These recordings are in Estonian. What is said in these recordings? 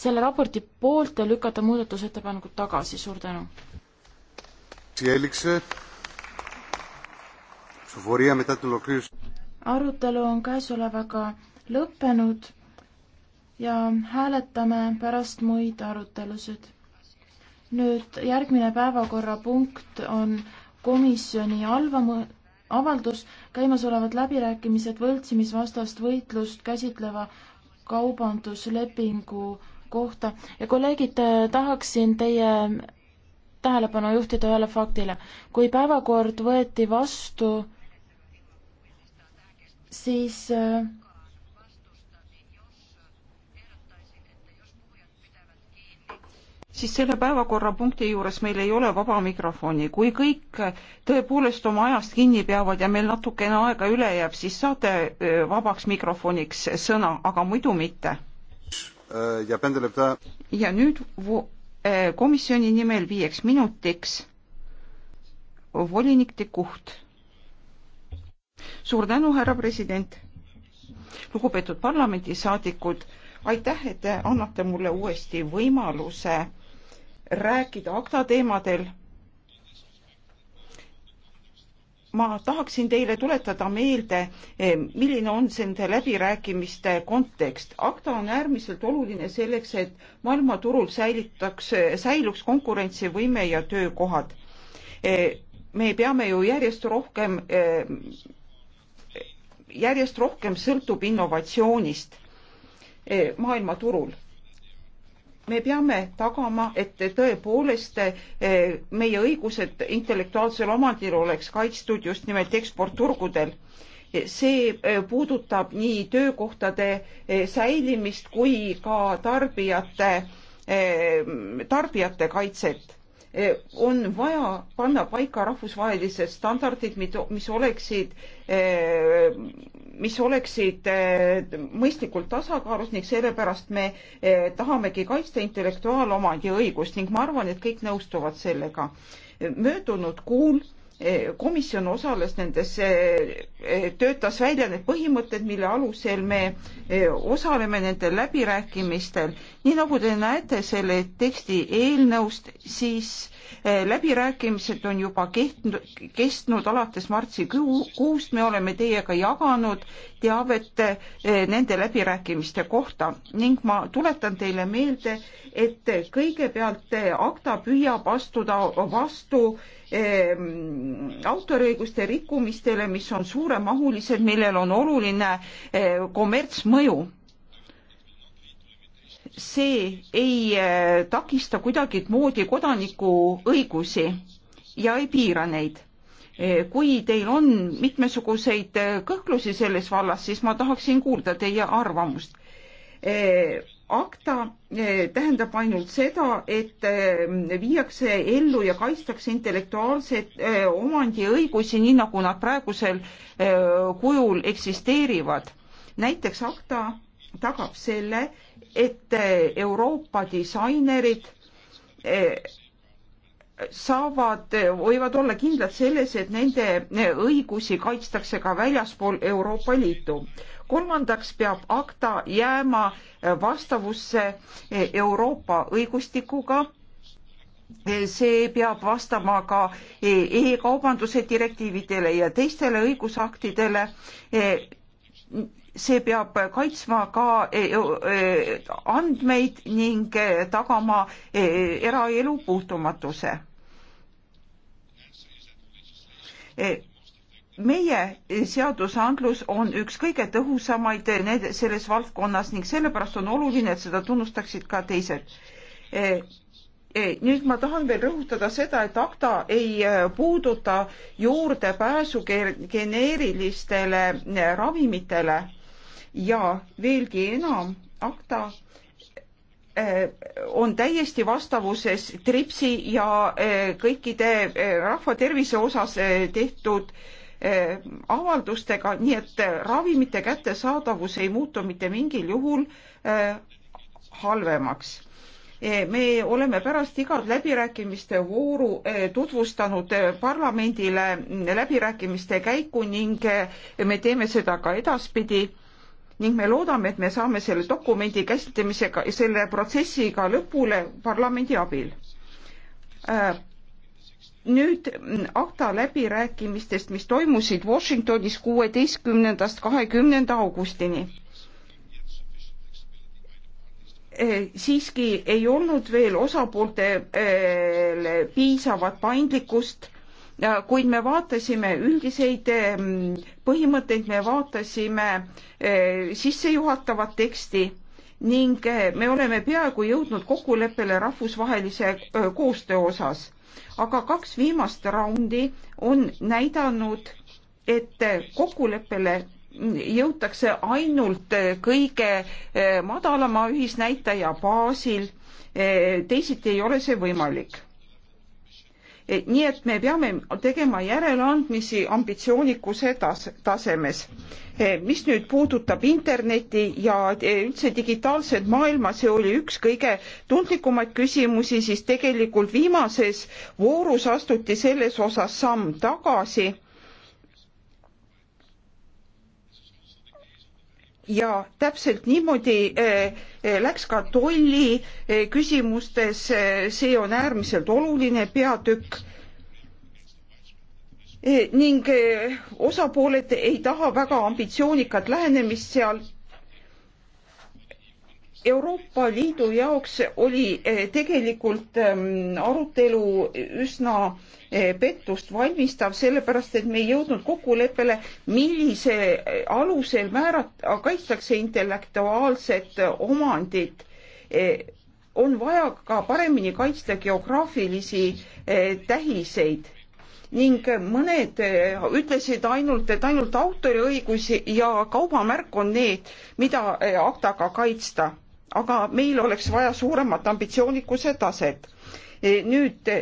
selle raporti poolt ja lükata muudatusettepanekud tagasi, suur tänu. arutelu on käesolevaga lõppenud ja hääletame pärast muid arutelusid. nüüd järgmine päevakorrapunkt on komisjoni alvamu-, avaldus käimasolevad läbirääkimised võltsimisvastast võitlust käsitleva kaubanduslepingu kohta ja kolleegid, äh, tahaksin teie tähelepanu juhtida ühele faktile. kui päevakord võeti vastu, siis äh, siis selle päevakorrapunkti juures meil ei ole vaba mikrofoni. kui kõik äh, tõepoolest oma ajast kinni peavad ja meil natukene aega üle jääb, siis saate vabaks mikrofoniks sõna, aga muidu mitte Eh, ja pende lepta. ja nüüd eh, komisjoni nimel viieks minutiks volinik De Kuht. suur tänu, härra president. lugupeetud parlamendisaadikud, aitäh, et te annate mulle uuesti võimaluse rääkida akta teemadel ma tahaksin teile tuletada meelde, eh, milline on nende läbirääkimiste kontekst. ACTA on äärmiselt oluline selleks, et maailmaturul säilitaks, säiluks konkurentsivõime ja töökohad. Eh, me peame ju järjest rohkem, eh, järjest rohkem sõltub innovatsioonist maailmaturul me peame tagama, et tõepoolest eh, meie õigused intellektuaalsel omandil oleks kaitstud just nimelt eksportturgudel. see eh, puudutab nii töökohtade eh, säilimist kui ka tarbijate, tarbijate kaitset on vaja panna paika rahvusvahelised standardid, mis oleksid mis oleksid eh, mõistlikult tasakaalus ning sellepärast me eh, tahamegi kaitsta intellektuaalomandi õigust ning ma arvan, et kõik nõustuvad sellega. möödunud kuul Eh, komisjon osales nendes, eh, eh, töötas välja need põhimõtted, mille alusel me osaleme nendel läbirääkimistel. nii nagu te näete selle teksti eelnõust, siis läbirääkimised on juba kehtnud, kestnud alates märtsikuust, me oleme teiega jaganud teavet nende läbirääkimiste kohta ning ma tuletan teile meelde, et kõigepealt ACTA püüab astuda vastu Ehm, autoriõiguste rikkumistele, mis on suuremahulised, millel on oluline eh, kommertsmõju. see ei eh, takista kuidagimoodi kodanikuõigusi ja ei piira neid eh, kui teil on mitmesuguseid kõhklusi selles vallas, siis ma tahaksin kuulda teie arvamust akta eh, tähendab ainult seda, et eh, viiakse ellu ja kaitstakse intellektuaalseid eh, omandiõigusi, nii nagu nad praegusel kujul eksisteerivad. näiteks akta tagab selle, et Euroopa disainerid saavad, võivad olla kindlad selles, et nende õigusi kaitstakse ka väljaspool Euroopa Liitu. kolmandaks peab akta jääma vastavusse Euroopa õigustikuga see peab vastama ka e-kaubanduse direktiividele ja teistele õigusaktidele. see peab kaitsma ka andmeid ning tagama eraelu puutumatuse. meie seadusandlus on üks kõige tõhusamaid need, selles valdkonnas ning sellepärast on oluline, et seda tunnustaksid ka teised. E, e, nüüd ma tahan veel rõhutada seda, et akta ei e, puuduta juurdepääsu geneerilistele ravimitele ja veelgi enam, akta Äh, on täiesti vastavuses TRIPSi ja äh, kõikide äh, rahvatervise osas tehtud avaldustega, nii et ravimite kättesaadavus ei muutu mitte mingil juhul halvemaks me oleme pärast igat läbirääkimiste vooru tutvustanud parlamendile mm, läbirääkimiste käiku ning me teeme seda ka edaspidi ning me loodame, et me saame selle dokumendi käsitlemisega, selle protsessiga lõpule parlamendi abil. Äh, nüüd akta läbirääkimistest, mis toimusid Washingtonis kuueteistkümnendast kahekümnenda augustini äh, siiski ei olnud veel osapooltele piisavat paindlikkust kuid me vaatasime üldiseid ehm, põhimõtteid, me vaatasime eh, sissejuhatavat teksti ning eh, me oleme peaaegu jõudnud kokkuleppele rahvusvahelise eh, koostöö osas. aga kaks viimast raundi on näidanud, et kokkuleppele jõutakse ainult kõige madalama ühisnäitaja baasil. teisiti ei ole see võimalik Eh, nii et me peame tegema järeleandmisi ambitsioonikuse tas-, tasemes. Eh, mis nüüd puudutab Internetti ja eh, üldse digitaalset maailma, see oli üks kõige tundlikumaid küsimusi, siis tegelikult viimases voorus astuti selles osas samm tagasi ja täpselt niimoodi eh, eh, läks ka tolli eh, küsimustes, see on äärmiselt oluline peatükk. ning osapooled ei taha väga ambitsioonikat lähenemist seal Euroopa Liidu jaoks oli eh, tegelikult ehm, arutelu üsna eh, pettust valmistav, sellepärast et me ei jõudnud kokkuleppele, millise eh, alusel määrat-, kaitstakse intellektuaalset omandit. on vaja ka paremini kaitsta geograafilisi tähiseid ning mõned ütlesid ainult, et ainult autoriõigusi ja kaubamärk on need, mida aktaga kaitsta aga meil oleks vaja suuremat ambitsioonikuse taset. E, nüüd e,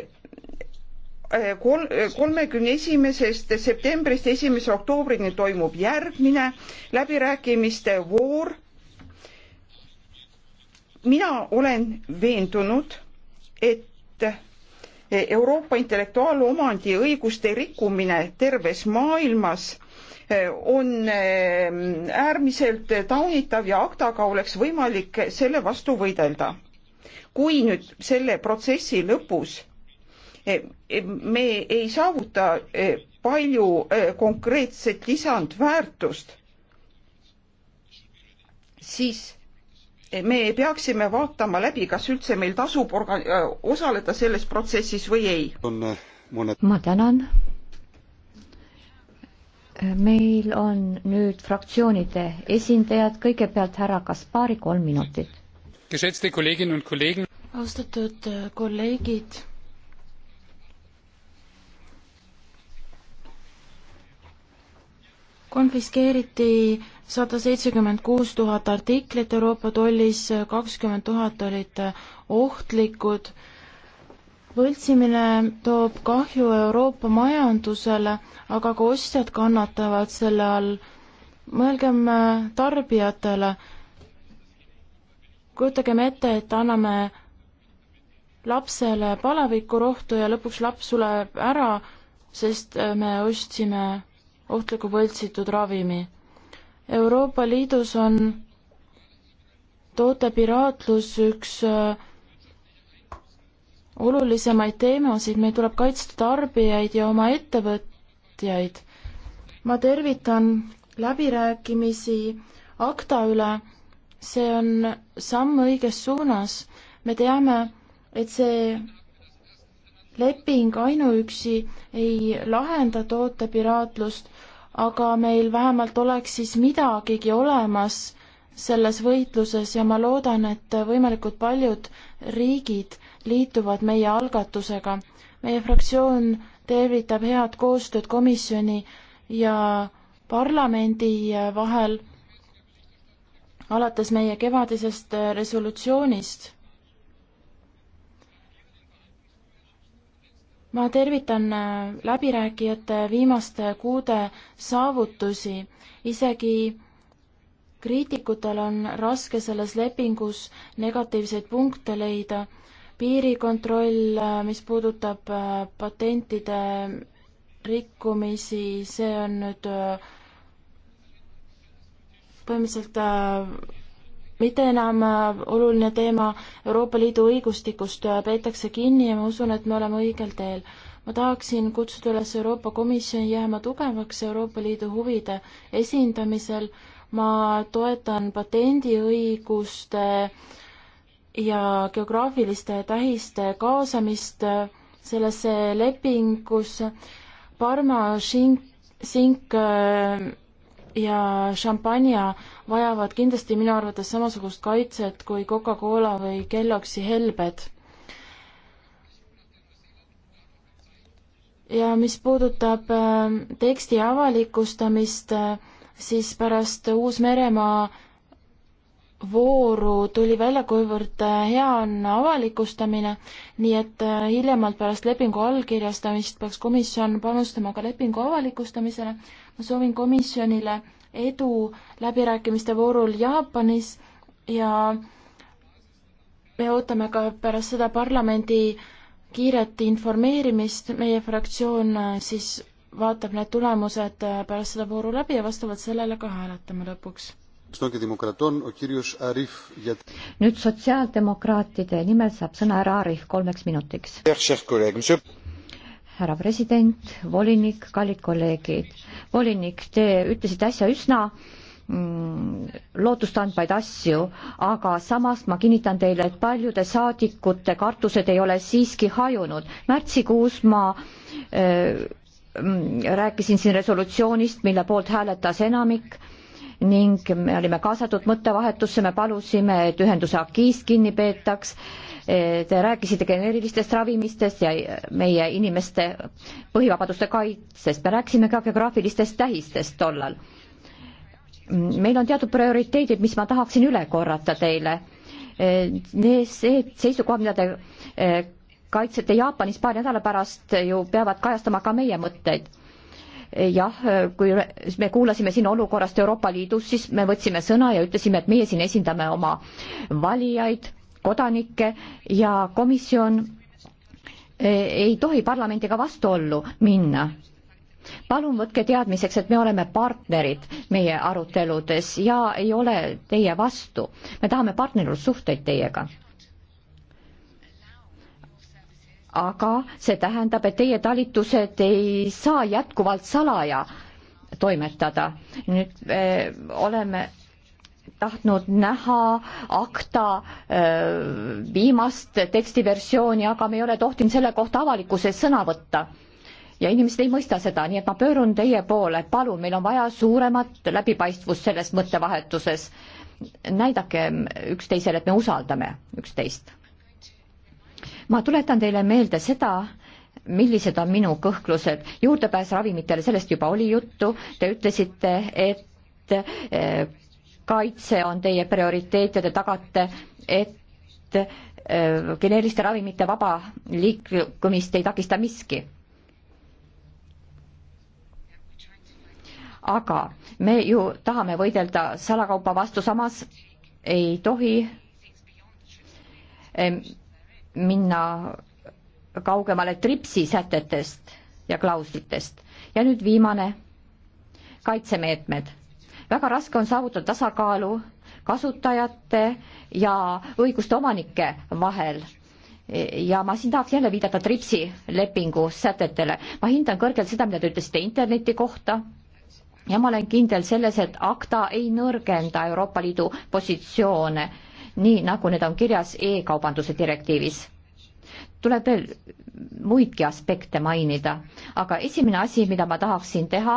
kolm, kolmekümne esimesest septembrist esimese oktoobrini toimub järgmine läbirääkimiste voor. mina olen veendunud, et Euroopa intellektuaalomandi õiguste rikkumine terves maailmas on ehm, äärmiselt taunitav ja aktaga oleks võimalik selle vastu võidelda. kui nüüd selle protsessi lõpus ehm, ehm, me ei saavuta palju konkreetset lisandväärtust, siis me peaksime vaatama läbi, kas üldse meil tasub orga-, osaleda selles protsessis või ei. Äh, ma tänan meil on nüüd fraktsioonide esindajad, kõigepealt härra Kaspari, kolm minutit. austatud äh, kolleegid. konfiskeeriti sada seitsekümmend kuus tuhat artiklit Euroopa tollis, äh, kakskümmend tuhat olid äh, ohtlikud võltsimine toob kahju Euroopa majandusele, aga ka ostjad kannatavad selle all. mõelgem äh, tarbijatele. kujutagem ette, et anname lapsele palavikurohtu ja lõpuks laps suleb ära, sest äh, me ostsime ohtliku võltsitud ravimi. Euroopa Liidus on tootepiraatlus üks äh, olulisemaid teemasid, meil tuleb kaitsta tarbijaid ja oma ettevõtjaid. ma tervitan läbirääkimisi akta üle, see on samm õiges suunas. me teame, et see leping ainuüksi ei lahenda tootepiraatlust, aga meil vähemalt oleks siis midagigi olemas, selles võitluses ja ma loodan, et võimalikult paljud riigid liituvad meie algatusega. meie fraktsioon tervitab head koostööd komisjoni ja parlamendi vahel alates meie kevadisest resolutsioonist. ma tervitan läbirääkijate viimaste kuude saavutusi, isegi kriitikutel on raske selles lepingus negatiivseid punkte leida, piirikontroll, mis puudutab äh, patentide rikkumisi, see on nüüd äh, põhimõtteliselt äh, mitte enam oluline teema, Euroopa Liidu õigustikust peetakse kinni ja ma usun, et me oleme õigel teel ma tahaksin kutsuda üles Euroopa Komisjoni jääma tugevaks Euroopa Liidu huvide esindamisel ma toetan patendiõiguste ja geograafiliste tähiste kaasamist sellesse lepingusse. Parma, sink äh, ja šampanja vajavad kindlasti minu arvates samasugust kaitset kui Coca-Cola või Kellogsi helbed. ja mis puudutab äh, teksti avalikustamist, äh, siis pärast Uus-Meremaa vooru tuli välja, kuivõrd äh, hea on avalikustamine, nii et äh, hiljemalt pärast lepingu allkirjastamist peaks komisjon panustama ka lepingu avalikustamisele. ma soovin komisjonile edu läbirääkimiste voorul Jaapanis ja me ootame ka pärast seda parlamendi kiiret informeerimist, meie fraktsioon äh, siis vaatab need tulemused äh, pärast seda vooru läbi ja vastavalt sellele ka hääletame lõpuks. nüüd sotsiaaldemokraatide nimel saab sõna härra Arif kolmeks minutiks. härra president, volinik, kallid kolleegid. volinik, te ütlesite äsja üsna mm, lootustandvaid asju, aga samas ma kinnitan teile, et paljude saadikute kartused ei ole siiski hajunud. märtsikuus ma öö, äh, Mm, rääkisin siin resolutsioonist, mille poolt hääletas enamik ning me olime kaasatud mõttevahetusse, me palusime, et ühenduse AK-ist kinni peetaks. E, te rääkisite geneerilistest ravimistest ja meie inimeste põhivabaduste kaitsest, me rääkisime ka geograafilistest tähistest tollal. Mm, meil on teatud prioriteedid, mis ma tahaksin üle korrata teile. E, need seisukohad, mida te e, kaitsjate Jaapanis paari nädala pärast ju peavad kajastama ka meie mõtteid. jah, kui me kuulasime siin olukorrast Euroopa Liidus, siis me võtsime sõna ja ütlesime, et meie siin esindame oma valijaid, kodanikke ja komisjon e, ei tohi parlamendiga vastuollu minna palun võtke teadmiseks, et me oleme partnerid meie aruteludes ja ei ole teie vastu. me tahame partnerlussuhteid teiega aga see tähendab, et teie talitused ei saa jätkuvalt salaja toimetada. nüüd me oleme tahtnud näha akta öö, e, viimast tekstiversiooni, aga me ei ole tohtinud selle kohta avalikkuses sõna võtta. ja inimesed ei mõista seda, nii et ma pöörun teie poole, palun, meil on vaja suuremat läbipaistvust selles mõttevahetuses. näidake üksteisele, et me usaldame üksteist ma tuletan teile meelde seda, millised on minu kõhklused, juurdepääs ravimitele, sellest juba oli juttu, te ütlesite, et eh, kaitse on teie prioriteet ja te tagate, et eh, geneeriliste ravimite vaba liikumist ei takista miski aga me ju tahame võidelda salakauba vastu, samas ei tohi minna kaugemale tripsi sätetest ja klauslitest. ja nüüd viimane, kaitsemeetmed. väga raske on saavutada tasakaalu kasutajate ja õiguste omanike vahel ja ma siin tahaks jälle viidata TRIPS-i lepingu sätetele. ma hindan kõrgelt seda, mida te ütlesite interneti kohta ja ma olen kindel selles, et ACTA ei nõrgenda Euroopa Liidu positsioone nii nagu need on kirjas e-kaubanduse direktiivis. tuleb veel muidki aspekte mainida, aga esimene asi, mida ma tahaksin teha,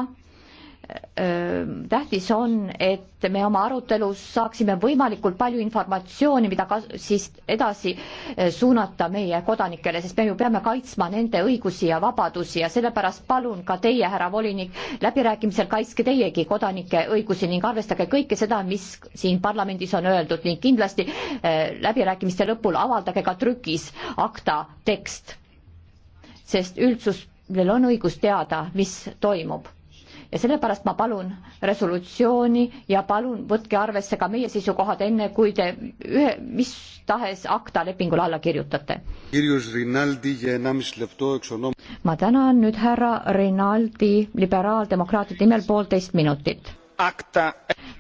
tähtis on, et me oma arutelus saaksime võimalikult palju informatsiooni, mida kas-, siis edasi suunata meie kodanikele, sest me ju peame kaitsma nende õigusi ja vabadusi ja sellepärast palun ka teie, härra volinik, läbirääkimisel kaitske teiegi kodanike õigusi ning arvestage kõike seda, mis siin parlamendis on öeldud ning kindlasti läbirääkimiste lõpul avaldage ka trükis akta tekst, sest üldsusel on õigus teada, mis toimub ja sellepärast ma palun resolutsiooni ja palun võtke arvesse ka meie seisukohad, enne kui te ühe, mis tahes akta lepingule alla kirjutate. ma tänan nüüd härra Rinaldi liberaaldemokraatide nimel poolteist minutit.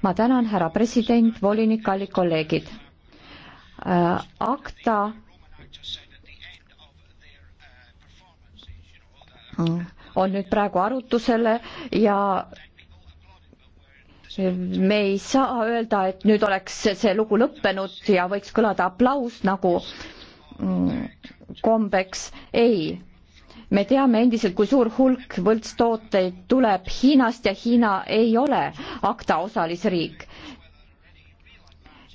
ma tänan, härra president, volinik, kallid kolleegid äh,. akta äh, on nüüd praegu arutusele ja me ei saa öelda, et nüüd oleks see lugu lõppenud ja võiks kõlada aplaus nagu mm, kombeks. ei, me teame endiselt, kui suur hulk võltstooteid tuleb Hiinast ja Hiina ei ole akta osalisriik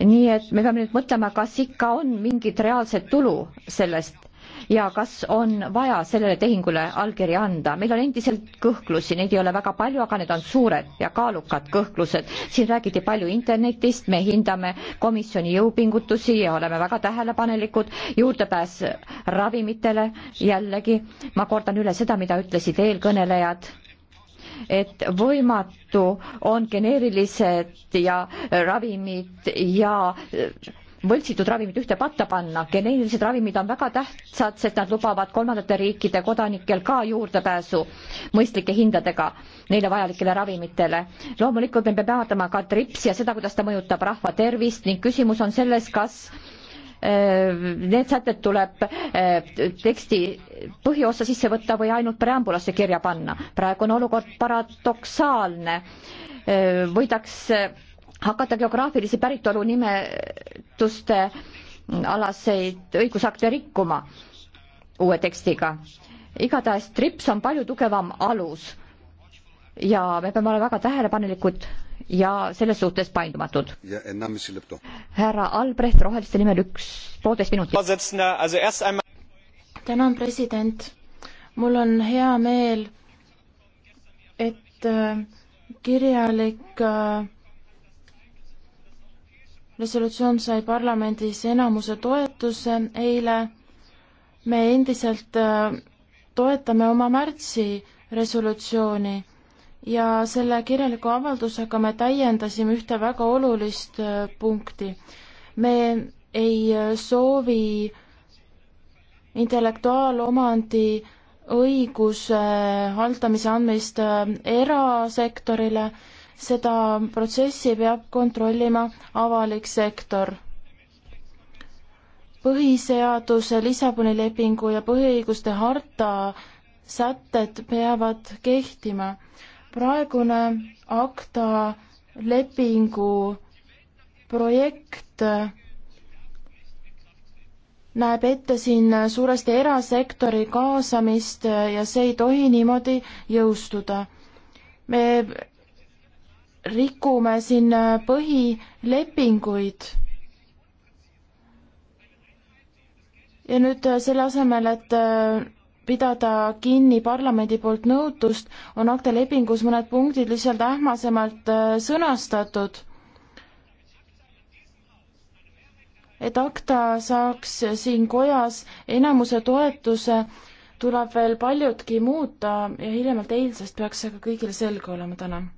nii et me peame nüüd mõtlema, kas ikka on mingit reaalset tulu sellest ja kas on vaja sellele tehingule allkiri anda. meil on endiselt kõhklusi, neid ei ole väga palju, aga need on suured ja kaalukad kõhklused. siin räägiti palju internetist, me hindame komisjoni jõupingutusi ja oleme väga tähelepanelikud. juurdepääs ravimitele jällegi, ma kordan üle seda, mida ütlesid eelkõnelejad et võimatu on geneerilised ja ravimid ja võltsitud ravimid ühte patta panna. geneerilised ravimid on väga tähtsad, sest nad lubavad kolmandate riikide kodanikel ka juurdepääsu mõistlike hindadega neile vajalikele ravimitele. loomulikult me peame vaatama ka trips ja seda, kuidas ta mõjutab rahva tervist ning küsimus on selles, kas äh, Need sätted tuleb äh, teksti põhiossa sisse võtta või ainult preambulasse kirja panna. praegu on olukord paradoksaalne. Äh, võidakse hakata geograafilisi päritolu nimetuste alaseid õigusakte rikkuma uue tekstiga. igatahes trips on palju tugevam alus ja me peame olema väga tähelepanelikud ja selles suhtes paindumatud. härra Albrecht Roheliste nimel üks poolteist minutit. tänan, president. mul on hea meel, et äh, kirjalik äh, resolutsioon sai parlamendis enamuse toetuse eile. me endiselt äh, toetame oma märtsi resolutsiooni ja selle kirjaliku avaldusega me täiendasime ühte väga olulist äh, punkti. me ei äh, soovi intellektuaalomandi õiguse haldamise andmist erasektorile äh, seda protsessi peab kontrollima avalik sektor. põhiseaduse, Lissaboni lepingu ja põhiõiguste harta sätted peavad kehtima. praegune akta lepingu projekt näeb ette siin suuresti erasektori kaasamist ja see ei tohi niimoodi jõustuda. me rikume siin äh, põhilepinguid. ja nüüd äh, selle asemel, et äh, pidada kinni parlamendi poolt nõutust, on akte lepingus mõned punktid lihtsalt ähmasemalt sõnastatud. et akta saaks siin kojas enamuse toetuse, tuleb veel paljutki muuta ja hiljemalt eilsest peaks see ka kõigile selge olema, tänan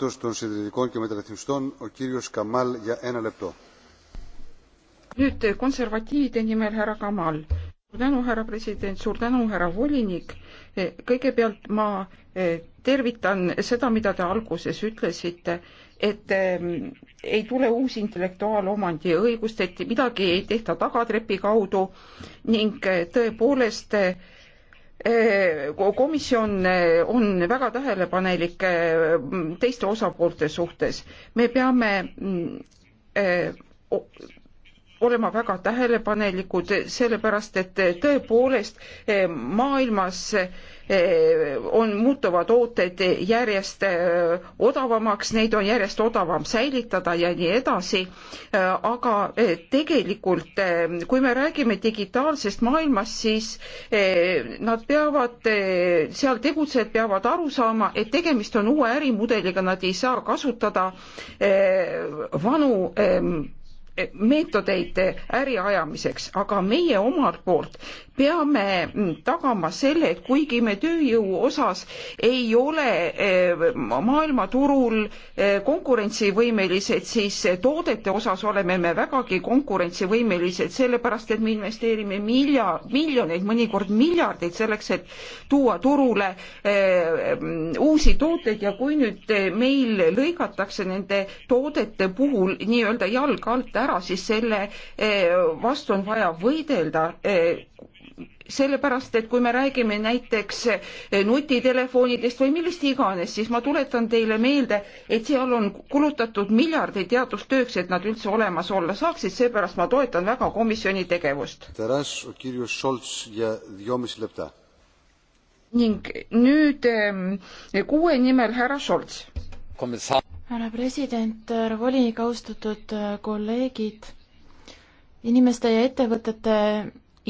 nüüd eh, konservatiivide nimel härra Kamal. suur tänu, härra president, suur tänu, härra volinik. Eh, kõigepealt ma eh, tervitan seda, mida te alguses ütlesite, et ehm, ei tule uus intellektuaalomandi õigust, et midagi ei tehta tagatrepi kaudu ning tõepoolest Äh, komisjon äh, on väga tähelepanelik äh, teiste osapoolte suhtes. me peame mm, olema väga tähelepanelikud, sellepärast et tõepoolest eh, maailmas eh, on, muutuvad ooted järjest eh, odavamaks, neid on järjest odavam säilitada ja nii edasi. aga tegelikult, kui me räägime digitaalsest maailmast, siis nad peavad, seal tegutsejad peavad aru saama, et tegemist on uue ärimudeliga, nad ei saa kasutada vanu meetodeid äri ajamiseks, aga meie omalt poolt peame tagama selle, et kuigi me tööjõu osas ei ole eh, maailmaturul eh, konkurentsivõimelised, siis toodete osas oleme me vägagi konkurentsivõimelised, sellepärast et me investeerime milja-, miljoneid, mõnikord miljardeid selleks, et tuua turule eh, uusi tooteid ja kui nüüd meil lõigatakse nende toodete puhul nii-öelda jalg alt ära, siis selle vastu on vaja võidelda sellepärast, et kui me räägime näiteks eh, nutitelefonidest või millest iganes, siis ma tuletan teile meelde, et seal on kulutatud miljardeid teadustööks, et nad üldse olemas olla saaksid, seepärast ma toetan väga komisjoni tegevust. ning nüüd eh, kuue nimel härra Scholz. härra president, härra volinik, austatud eh, kolleegid inimeste ja ettevõtete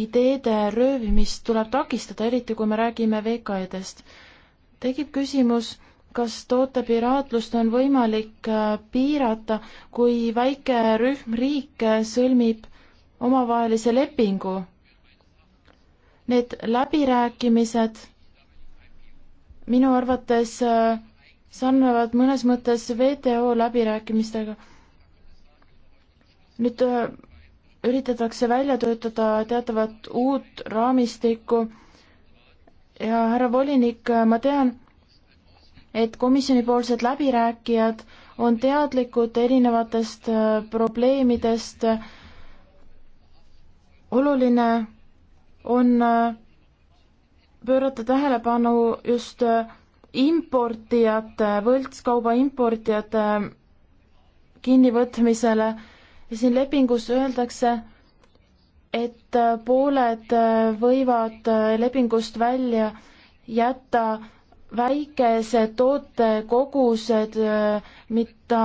ideede röövimist tuleb takistada, eriti kui me räägime VKE-dest. tekib küsimus, kas toote piraatlust on võimalik äh, piirata, kui väike rühm riike äh, sõlmib omavahelise lepingu? Need läbirääkimised minu arvates äh, sarnanevad mõnes mõttes WTO läbirääkimistega. nüüd üritatakse välja töötada teatavat uut raamistikku ja härra volinik, ma tean, et komisjonipoolsed läbirääkijad on teadlikud erinevatest äh, probleemidest. oluline on äh, pöörata tähelepanu just äh, importijate, võltskauba importijate kinnivõtmisele ja siin lepingus öeldakse, et äh, pooled äh, võivad äh, lepingust välja jätta väikesed tootekogused, mida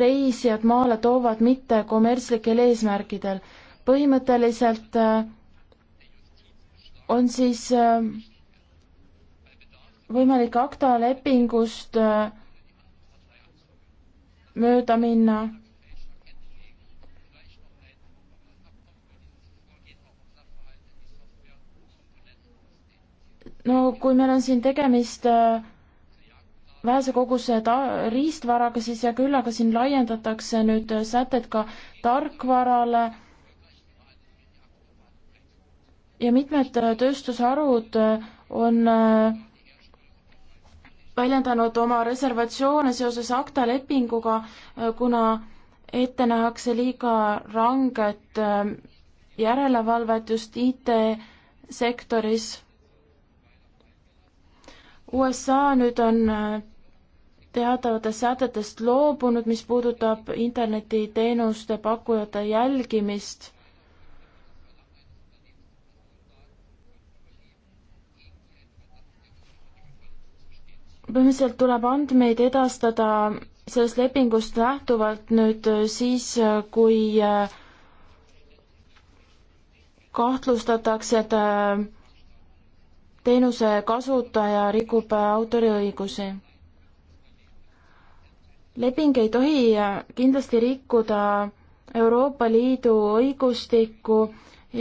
reisijad maale toovad mitte kommertslikel eesmärkidel. põhimõtteliselt on siis võimalik akta lepingust mööda minna no kui meil on siin tegemist äh, vähese koguse ta-, riistvaraga, siis ja küll aga siin laiendatakse nüüd sätet ka tarkvarale ja mitmed äh, tööstusharud äh, on väljendanud oma reservatsioone seoses akta lepinguga, kuna ette nähakse liiga ranget järelevalvet just IT-sektoris USA nüüd on äh, teatavatest sätetest loobunud, mis puudutab internetiteenuste pakkujate jälgimist. põhimõtteliselt tuleb andmeid edastada sellest lepingust lähtuvalt nüüd äh, siis, äh, kui kahtlustatakse, et teenuse kasutaja rikub autoriõigusi. leping ei tohi kindlasti rikkuda Euroopa Liidu õigustikku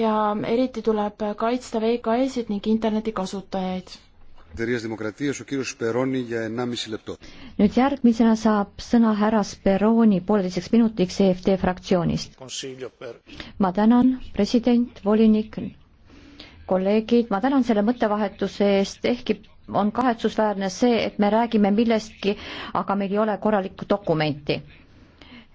ja eriti tuleb kaitsta VKE-sid ning internetikasutajaid. nüüd järgmisena saab sõna härra Speroni pooleteiseks minutiks EFD fraktsioonist. ma tänan, president, volinik kolleegid, ma tänan selle mõttevahetuse eest, ehkki on kahetsusväärne see, et me räägime millestki, aga meil ei ole korralikku dokumenti.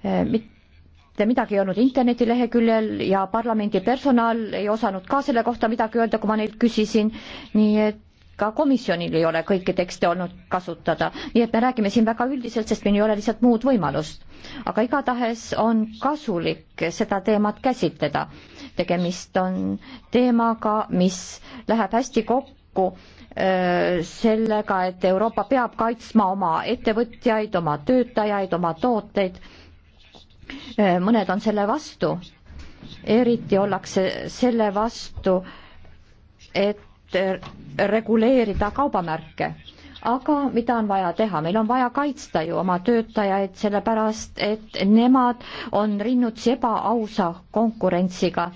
Eh, mitte midagi ei olnud internetileheküljel ja parlamendi personal ei osanud ka selle kohta midagi öelda, kui ma neilt küsisin, nii et ka komisjonil ei ole kõiki tekste olnud kasutada, nii et me räägime siin väga üldiselt, sest meil ei ole lihtsalt muud võimalust. aga igatahes on kasulik seda teemat käsitleda tegemist on teemaga, mis läheb hästi kokku sellega, et Euroopa peab kaitsma oma ettevõtjaid, oma töötajaid, oma tooteid. mõned on selle vastu, eriti ollakse selle vastu, et reguleerida kaubamärke. aga mida on vaja teha, meil on vaja kaitsta ju oma töötajaid, sellepärast et nemad on rinnutsi ebaausa konkurentsiga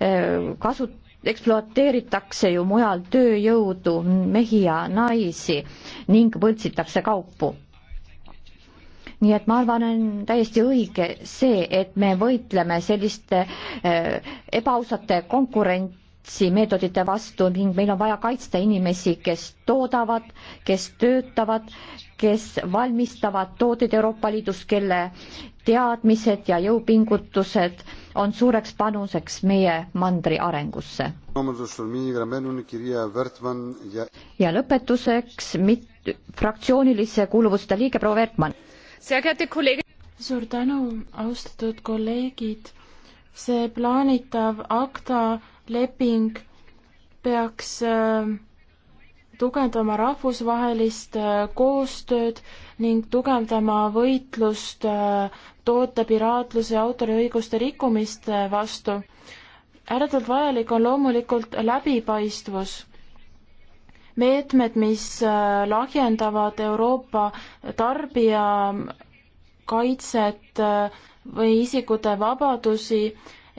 Äh, kasu-, ekspluateeritakse ju mujal tööjõudu, mehi ja naisi ning võltsitakse kaupu. nii et ma arvan, on täiesti õige see, et me võitleme selliste äh, ebaausate konkurent-, natsimeetodite vastu ning meil on vaja kaitsta inimesi, kes toodavad, kes töötavad, kes valmistavad tooteid Euroopa Liidus, kelle teadmised ja jõupingutused on suureks panuseks meie mandri arengusse. ja lõpetuseks mit-, fraktsioonilise kuuluvuste liige proua Wertmann. suur tänu, austatud kolleegid. see plaanitav akta leping peaks äh, tugevdama rahvusvahelist äh, koostööd ning tugevdama võitlust äh, tootepiraatluse ja autoriõiguste rikkumiste vastu. ääretult vajalik on loomulikult läbipaistvus. meetmed, mis lahjendavad Euroopa tarbijakaitset või isikute vabadusi,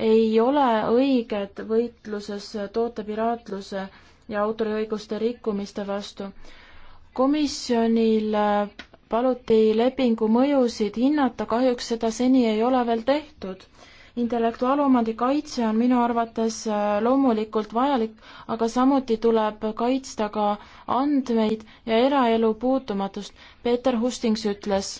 ei ole õiged võitluses tootepiraatluse ja autoriõiguste rikkumiste vastu. komisjonil paluti lepingu mõjusid hinnata, kahjuks seda seni ei ole veel tehtud intellektuaalomandi kaitse on minu arvates äh, loomulikult vajalik, aga samuti tuleb kaitsta ka andmeid ja eraelu puutumatust. Peeter Hustings ütles,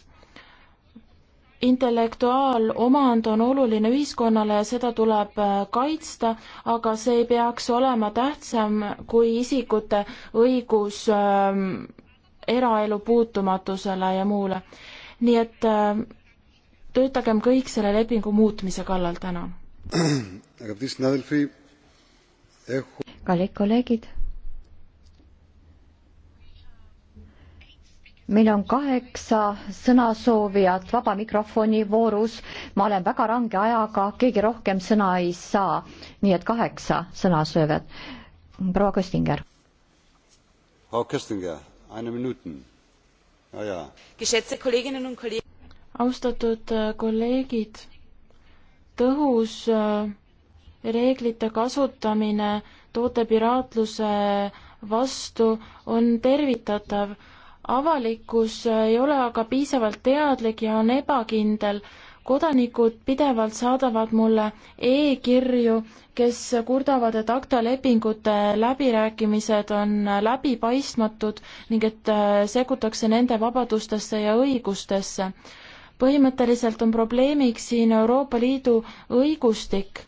intellektuaalomand on oluline ühiskonnale ja seda tuleb äh, kaitsta, aga see ei peaks olema tähtsam kui isikute õigus äh, eraelu puutumatusele ja muule. nii et äh, töötagem kõik selle lepingu muutmise kallal täna. kallid kolleegid meil on kaheksa sõnasoovijat vaba mikrofoni voorus. ma olen väga range ajaga, keegi rohkem sõna ei saa. nii et kaheksa sõnasoovijat. proua Köstinger. Frau Köstinger, eine Minuten. ja, ja. austatud äh, kolleegid, tõhus äh, reeglite kasutamine tootepiraatluse vastu on tervitatav avalikkus ei ole aga piisavalt teadlik ja on ebakindel. kodanikud pidevalt saadavad mulle e-kirju, kes kurdavad, et akta lepingute läbirääkimised on läbipaistmatud ning et äh, sekkutakse nende vabadustesse ja õigustesse. põhimõtteliselt on probleemiks siin Euroopa Liidu õigustik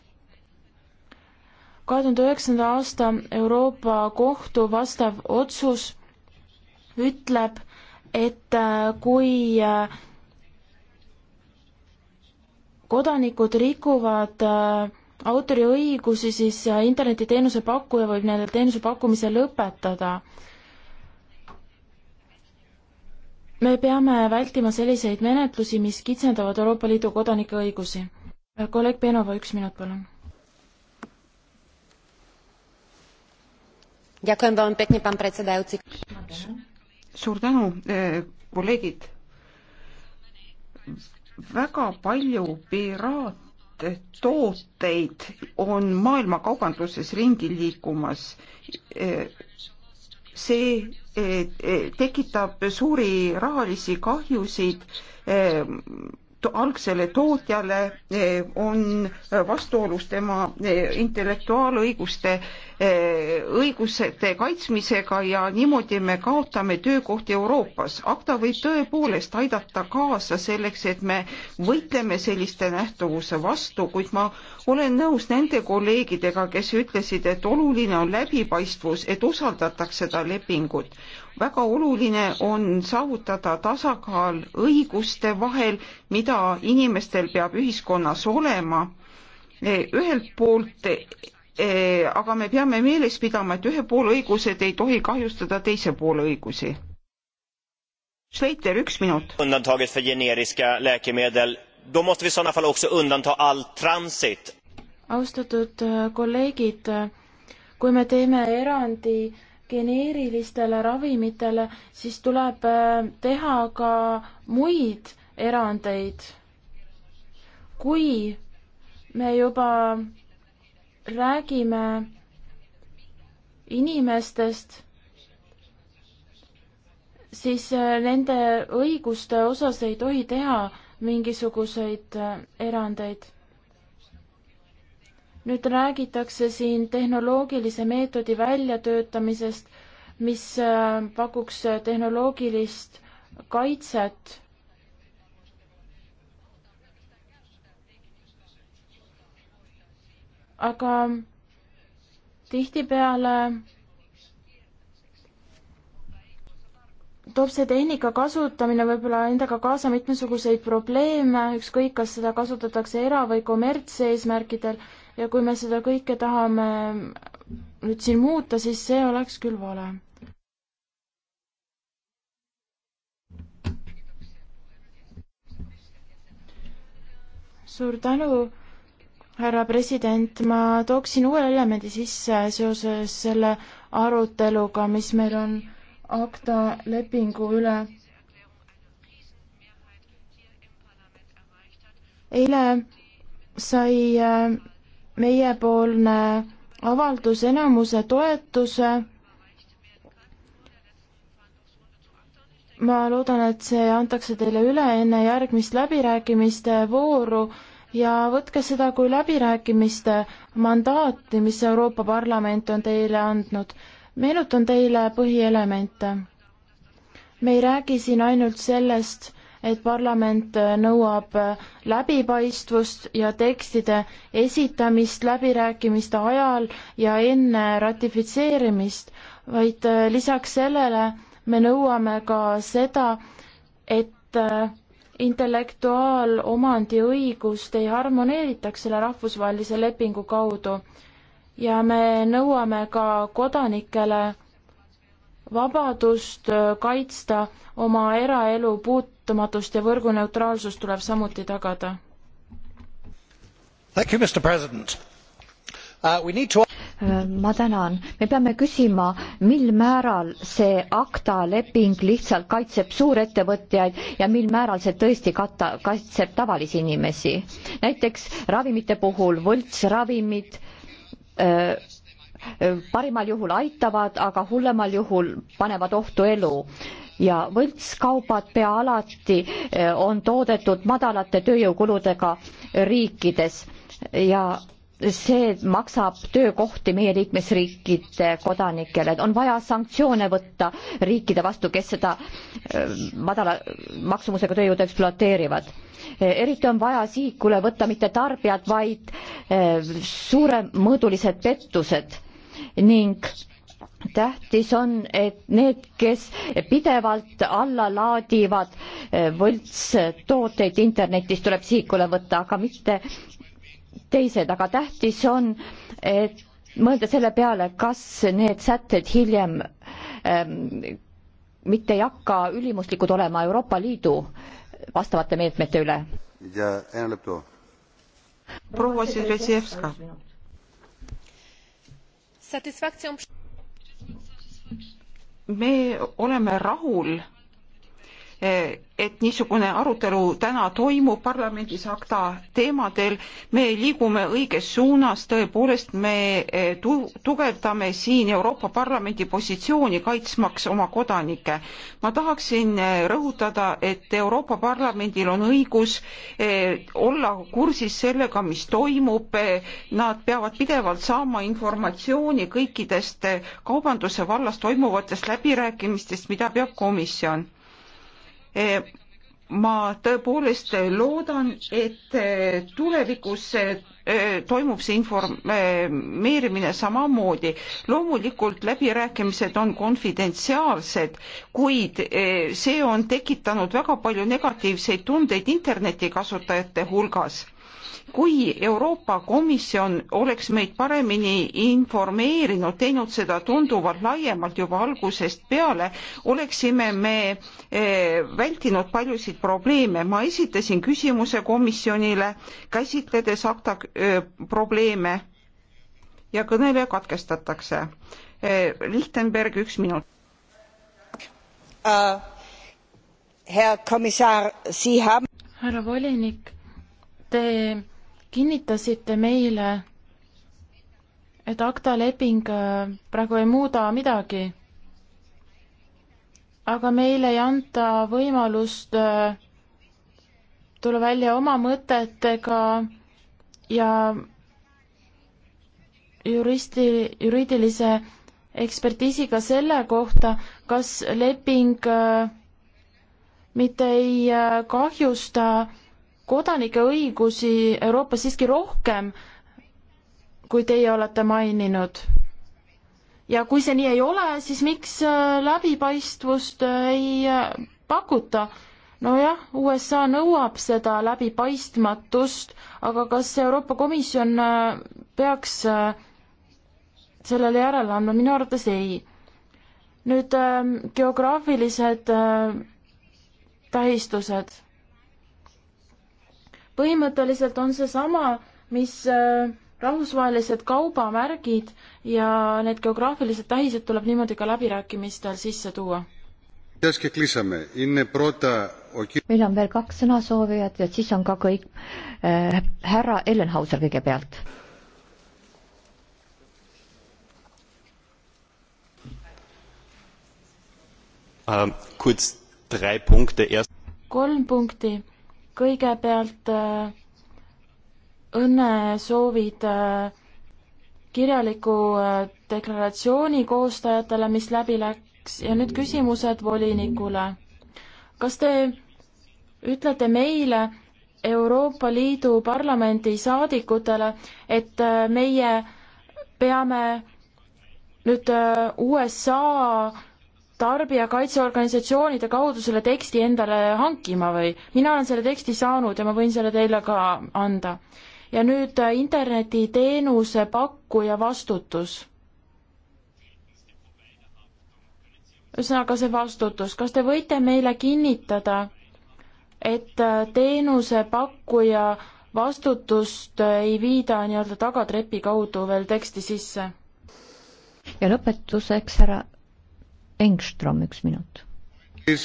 kahe tuhande üheksanda aasta Euroopa Kohtu vastav otsus ütleb, et äh, kui äh, kodanikud rikuvad äh, autoriõigusi, siis internetiteenuse pakkuja võib nende teenuse pakkumise lõpetada. me peame vältima selliseid menetlusi, mis kitsendavad Euroopa Liidu kodanike õigusi. kolleeg Benova, üks minut, palun. ďakujem veľmi pekne, pán predsedajúci suur tänu, eh, kolleegid. väga palju piraattooteid on maailma kaubanduses ringi liikumas. Eh, see eh, tekitab suuri rahalisi kahjusid algsele tootjale eh, on vastuolus tema eh, intellektuaalõiguste eh, õiguste kaitsmisega ja niimoodi me kaotame töökohti Euroopas. ACTA võib tõepoolest aidata kaasa selleks, et me võitleme selliste nähtavuse vastu, kuid ma olen nõus nende kolleegidega, kes ütlesid, et oluline on läbipaistvus, et usaldatakse seda lepingut väga oluline on saavutada tasakaal õiguste vahel, mida inimestel peab ühiskonnas olema. E, ühelt poolt e, aga me peame meeles pidama, et ühe poole õigused ei tohi kahjustada teise poole õigusi. Schleiter, üks minut. undantaget för generiska läkemedel, då måste vi i sådana fall också undanta all transit. austatud äh, kolleegid, äh, kui me teeme erandi geneerilistele ravimitele, siis tuleb äh, teha ka muid erandeid. kui me juba räägime inimestest, siis äh, nende õiguste osas ei tohi teha mingisuguseid äh, erandeid nüüd räägitakse siin tehnoloogilise meetodi väljatöötamisest, mis äh, pakuks äh, tehnoloogilist kaitset. aga tihtipeale toob see tehnika kasutamine võib-olla endaga kaasa mitmesuguseid probleeme, ükskõik, kas seda kasutatakse era- või kommertseesmärkidel ja kui me seda kõike tahame nüüd siin muuta, siis see oleks küll vale. suur tänu, härra president, ma tooksin uue elemendi sisse seoses selle aruteluga, mis meil on akta lepingu üle eile sai äh, meiepoolne avaldus enamuse toetuse. ma loodan, et see antakse teile üle enne järgmist läbirääkimiste vooru ja võtke seda kui läbirääkimiste mandaati, mis Euroopa Parlament on teile andnud. meenutan teile põhielemente. me ei räägi siin ainult sellest, et parlament äh, nõuab äh, läbipaistvust ja tekstide esitamist läbirääkimiste ajal ja enne ratifitseerimist, vaid äh, lisaks sellele me nõuame ka seda, et intellektuaalomandi õigust ei harmoneeritaks selle rahvusvahelise lepingu kaudu ja me nõuame ka kodanikele vabadust kaitsta oma eraelu puut-, sõltumatust ja võrguneutraalsust tuleb samuti tagada. Uh, äh, ma tänan. me peame küsima, mil määral see ACTA leping lihtsalt kaitseb suurettevõtjaid ja mil määral see tõesti kata, kaitseb tavalisi inimesi. näiteks ravimite puhul võltsravimid öö, äh, äh, parimal juhul aitavad, aga hullemal juhul panevad ohtu elu ja võltskaubad pea alati eh, on toodetud madalate tööjõukuludega riikides ja see maksab töökohti meie liikmesriikide kodanikele, et on vaja sanktsioone võtta riikide vastu, kes seda eh, madala maksumusega tööjõudu ekspluateerivad. Eh, eriti on vaja sihikule võtta mitte tarbijad, vaid suuremõõdulised pettused ning tähtis on, et need, kes pidevalt alla laadivad eh, võltstooteid internetis, tuleb sihikule võtta, aga mitte teised, aga tähtis on, et mõelda selle peale, kas need sätted hiljem ähm, mitte ei hakka ülimuslikud olema Euroopa Liidu vastavate meetmete üle. proua Siretsevska me oleme rahul et niisugune arutelu täna toimub parlamendis akta teemadel. me liigume õiges suunas, tõepoolest me eh, tu-, tugevdame siin Euroopa Parlamendi positsiooni, kaitsmaks oma kodanikke. ma tahaksin eh, rõhutada, et Euroopa Parlamendil on õigus eh, olla kursis sellega, mis toimub, nad peavad pidevalt saama informatsiooni kõikidest kaubanduse vallas toimuvatest läbirääkimistest, mida peab komisjon ma tõepoolest loodan, et tulevikus eh, toimub see informeerimine samamoodi. loomulikult läbirääkimised on konfidentsiaalsed, kuid eh, see on tekitanud väga palju negatiivseid tundeid internetikasutajate hulgas kui Euroopa Komisjon oleks meid paremini informeerinud, teinud seda tunduvalt laiemalt juba algusest peale, oleksime me eh, vältinud paljusid probleeme. ma esitasin küsimuse komisjonile, käsitledes akta eh, probleeme ja kõneleja katkestatakse. Eh, Lichtenberg, üks minut uh,. Äh, härra komissar, Sie haben härra volinik, te kinnitasite meile, et akta leping äh, praegu ei muuda midagi. aga meile ei anta võimalust äh, tulla välja oma mõtetega ja juristi, juriidilise ekspertiisiga selle kohta, kas leping äh, mitte ei kahjusta kodanike õigusi Euroopas siiski rohkem, kui teie olete maininud. ja kui see nii ei ole, siis miks äh, läbipaistvust äh, ei äh, pakuta? nojah, USA nõuab seda läbipaistmatust, aga kas Euroopa Komisjon peaks sellele järele andma, minu arvates ei. nüüd geograafilised tähistused põhimõtteliselt on seesama, mis äh, rahvusvahelised kaubamärgid ja need geograafilised tähised tuleb niimoodi ka läbirääkimistel sisse tuua. meil on veel kaks sõnasoovijat ja siis on ka kõik äh,. härra Ellenhauser kõigepealt. Ähm, kolm punkti kõigepealt äh, õnnesoovid äh, kirjaliku äh, deklaratsiooni koostajatele, mis läbi läks ja nüüd küsimused volinikule. kas te ütlete meile, Euroopa Liidu Parlamendi saadikutele, et meie peame nüüd USA tarbijakaitseorganisatsioonide kaudu selle teksti endale hankima või? mina olen selle teksti saanud ja ma võin selle teile ka anda. ja nüüd äh, internetiteenuse pakkuja vastutus. ühesõnaga see vastutus, kas te võite meile kinnitada, et äh, teenusepakkuja vastutust ei viida nii-öelda tagatrepi kaudu veel teksti sisse? ja lõpetuseks, härra Engström, üks minut. Uh,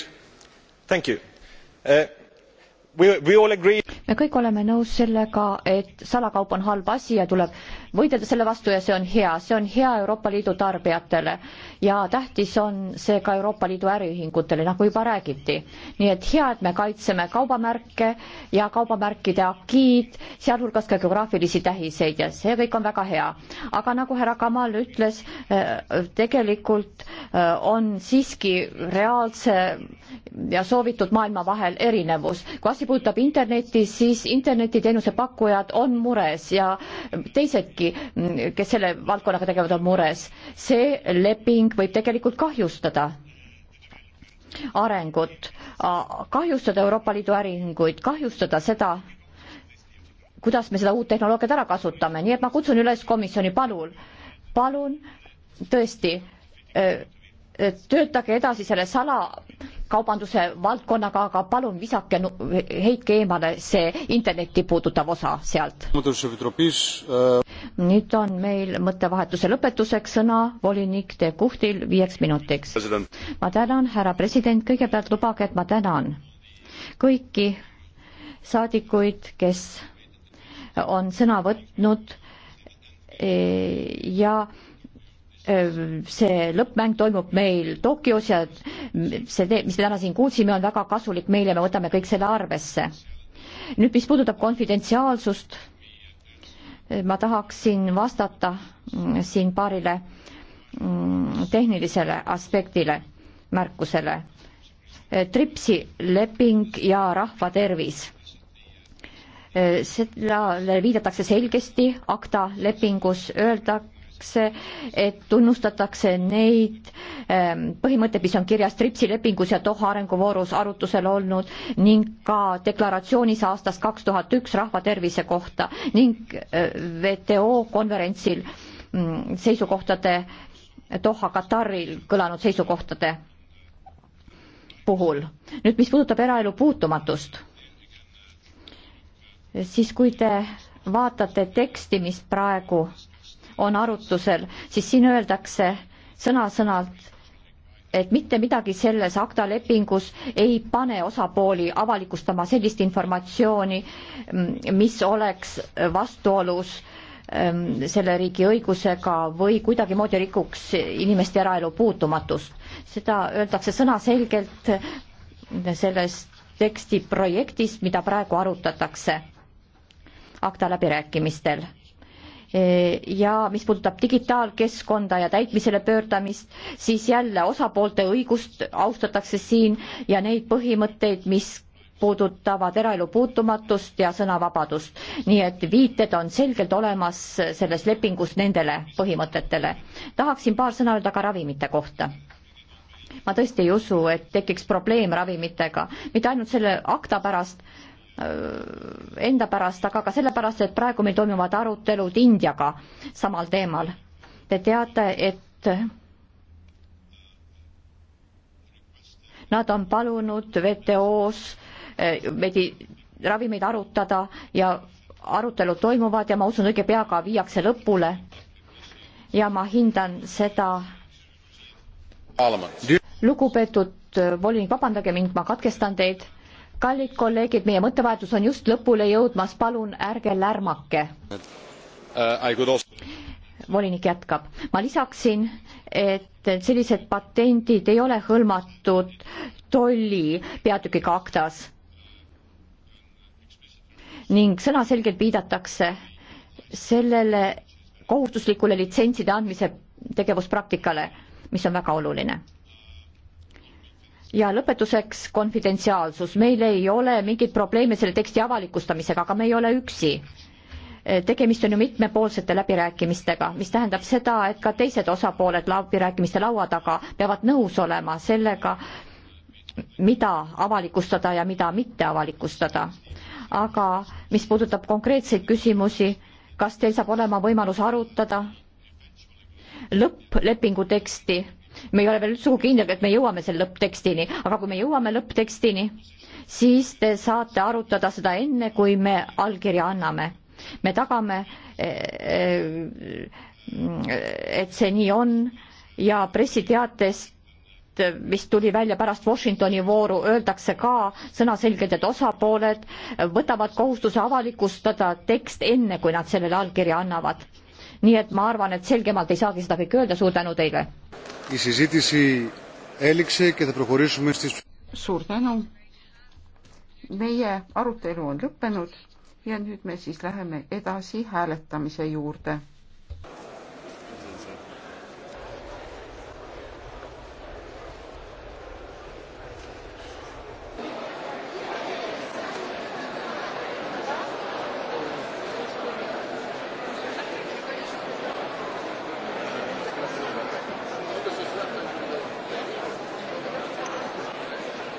me kõik oleme nõus sellega, et salakaup on halb asi ja tuleb võidelda selle vastu ja see on hea, see on hea Euroopa Liidu tarbijatele ja tähtis on see ka Euroopa Liidu äriühingutele, nagu juba räägiti. nii et hea, et me kaitseme kaubamärke ja kaubamärkide akiid, sealhulgas ka geograafilisi tähiseid ja see kõik on väga hea. aga nagu härra Kamal ütles, eh, tegelikult eh, on siiski reaalse ja soovitud maailma vahel erinevus. kui asi puudutab internetti, siis internetiteenuse pakkujad on mures ja teisedki kõiki, kes selle valdkonnaga tegevad, on mures. see leping võib tegelikult kahjustada arengut, kahjustada Euroopa Liidu äringuid, kahjustada seda, kuidas me seda uut tehnoloogiat ära kasutame, nii et ma kutsun üles komisjoni, palun, palun tõesti öö, Äh, töötage edasi selle salakaubanduse valdkonnaga, aga palun visake, heitke eemale see internetti puudutav osa sealt. nüüd on meil mõttevahetuse lõpetuseks sõna volinik De Kuhtil viieks minutiks. ma tänan, härra president, kõigepealt lubage, et ma tänan kõiki saadikuid, kes on sõna võtnud eh, ja Äh, see lõppmäng toimub meil Tokyos ja see, mis me täna siin kuulsime, on väga kasulik meile, me võtame kõik selle arvesse. nüüd, mis puudutab konfidentsiaalsust, äh, ma tahaksin vastata mm, siin paarile mm, tehnilisele aspektile, märkusele. Äh, tripsi leping ja rahvatervis. sellele viidatakse selgesti, akta lepingus öeldakse, öeldakse, et tunnustatakse neid ähm, põhimõtteid, mis on kirjas TRIPS-i lepingus ja Doha arenguvoorus arutusel olnud ning ka deklaratsioonis aastast kaks tuhat üks rahvatervise kohta ning äh, WTO konverentsil mm, seisukohtade Doha Kataril kõlanud seisukohtade puhul. nüüd, mis puudutab eraelu puutumatust, siis kui te vaatate teksti, mis praegu on arutusel, siis siin öeldakse sõna-sõnalt, et mitte midagi selles akta lepingus ei pane osapooli avalikustama sellist informatsiooni, mm, mis oleks vastuolus mm, selle riigi õigusega või kuidagimoodi rikuks inimeste eraelu puutumatust. seda öeldakse sõnaselgelt selles teksti projektis, mida praegu arutatakse akta läbirääkimistel Eh, ja mis puudutab digitaalkeskkonda ja täitmisele pöördamist, siis jälle osapoolte õigust austatakse siin ja neid põhimõtteid, mis puudutavad eraelu puutumatust ja sõnavabadust. nii et viited on selgelt olemas selles lepingus nendele põhimõtetele. tahaksin paar sõna öelda ka ravimite kohta ma tõesti ei usu, et tekiks probleem ravimitega, mitte ainult selle akta pärast, Äh, enda pärast, aga ka sellepärast, et praegu meil toimuvad arutelud Indiaga samal teemal. Te teate, et nad on palunud WTO-s äh, medi-, ravimeid arutada ja arutelud toimuvad ja ma usun, õige pea ka viiakse lõpule. ja ma hindan seda. lugupeetud äh, volinik, vabandage mind, ma katkestan teid kallid kolleegid, meie mõttevahetus on just lõpule jõudmas, palun ärge lärmake. Uh, volinik jätkab, ma lisaksin, et sellised patendid ei ole hõlmatud tolli peatükiga aktas. ning sõnaselgelt viidatakse sellele kohustuslikule litsentside andmise tegevuspraktikale, mis on väga oluline ja lõpetuseks konfidentsiaalsus. meil ei ole mingit probleemi selle teksti avalikustamisega, aga me ei ole üksi eh, tegemist on ju mitmepoolsete läbirääkimistega, mis tähendab seda, et ka teised osapooled läbirääkimiste laua taga peavad nõus olema sellega, mida avalikustada ja mida mitte avalikustada. aga mis puudutab konkreetseid küsimusi, kas teil saab olema võimalus arutada lõpplepingu teksti me ei ole veel sugugi kindlad, et me jõuame selle lõpptekstini, aga kui me jõuame lõpptekstini, siis te saate arutada seda enne, kui me allkirja anname. me tagame, e, e, et see nii on ja pressiteatest mis tuli välja pärast Washingtoni vooru, öeldakse ka sõnaselgelt, et osapooled võtavad kohustuse avalikustada tekst enne, kui nad sellele allkirja annavad nii et ma arvan, et selgemalt ei saagi seda kõike öelda, suur tänu teile. suur tänu. meie arutelu on lõppenud ja nüüd me siis läheme edasi hääletamise juurde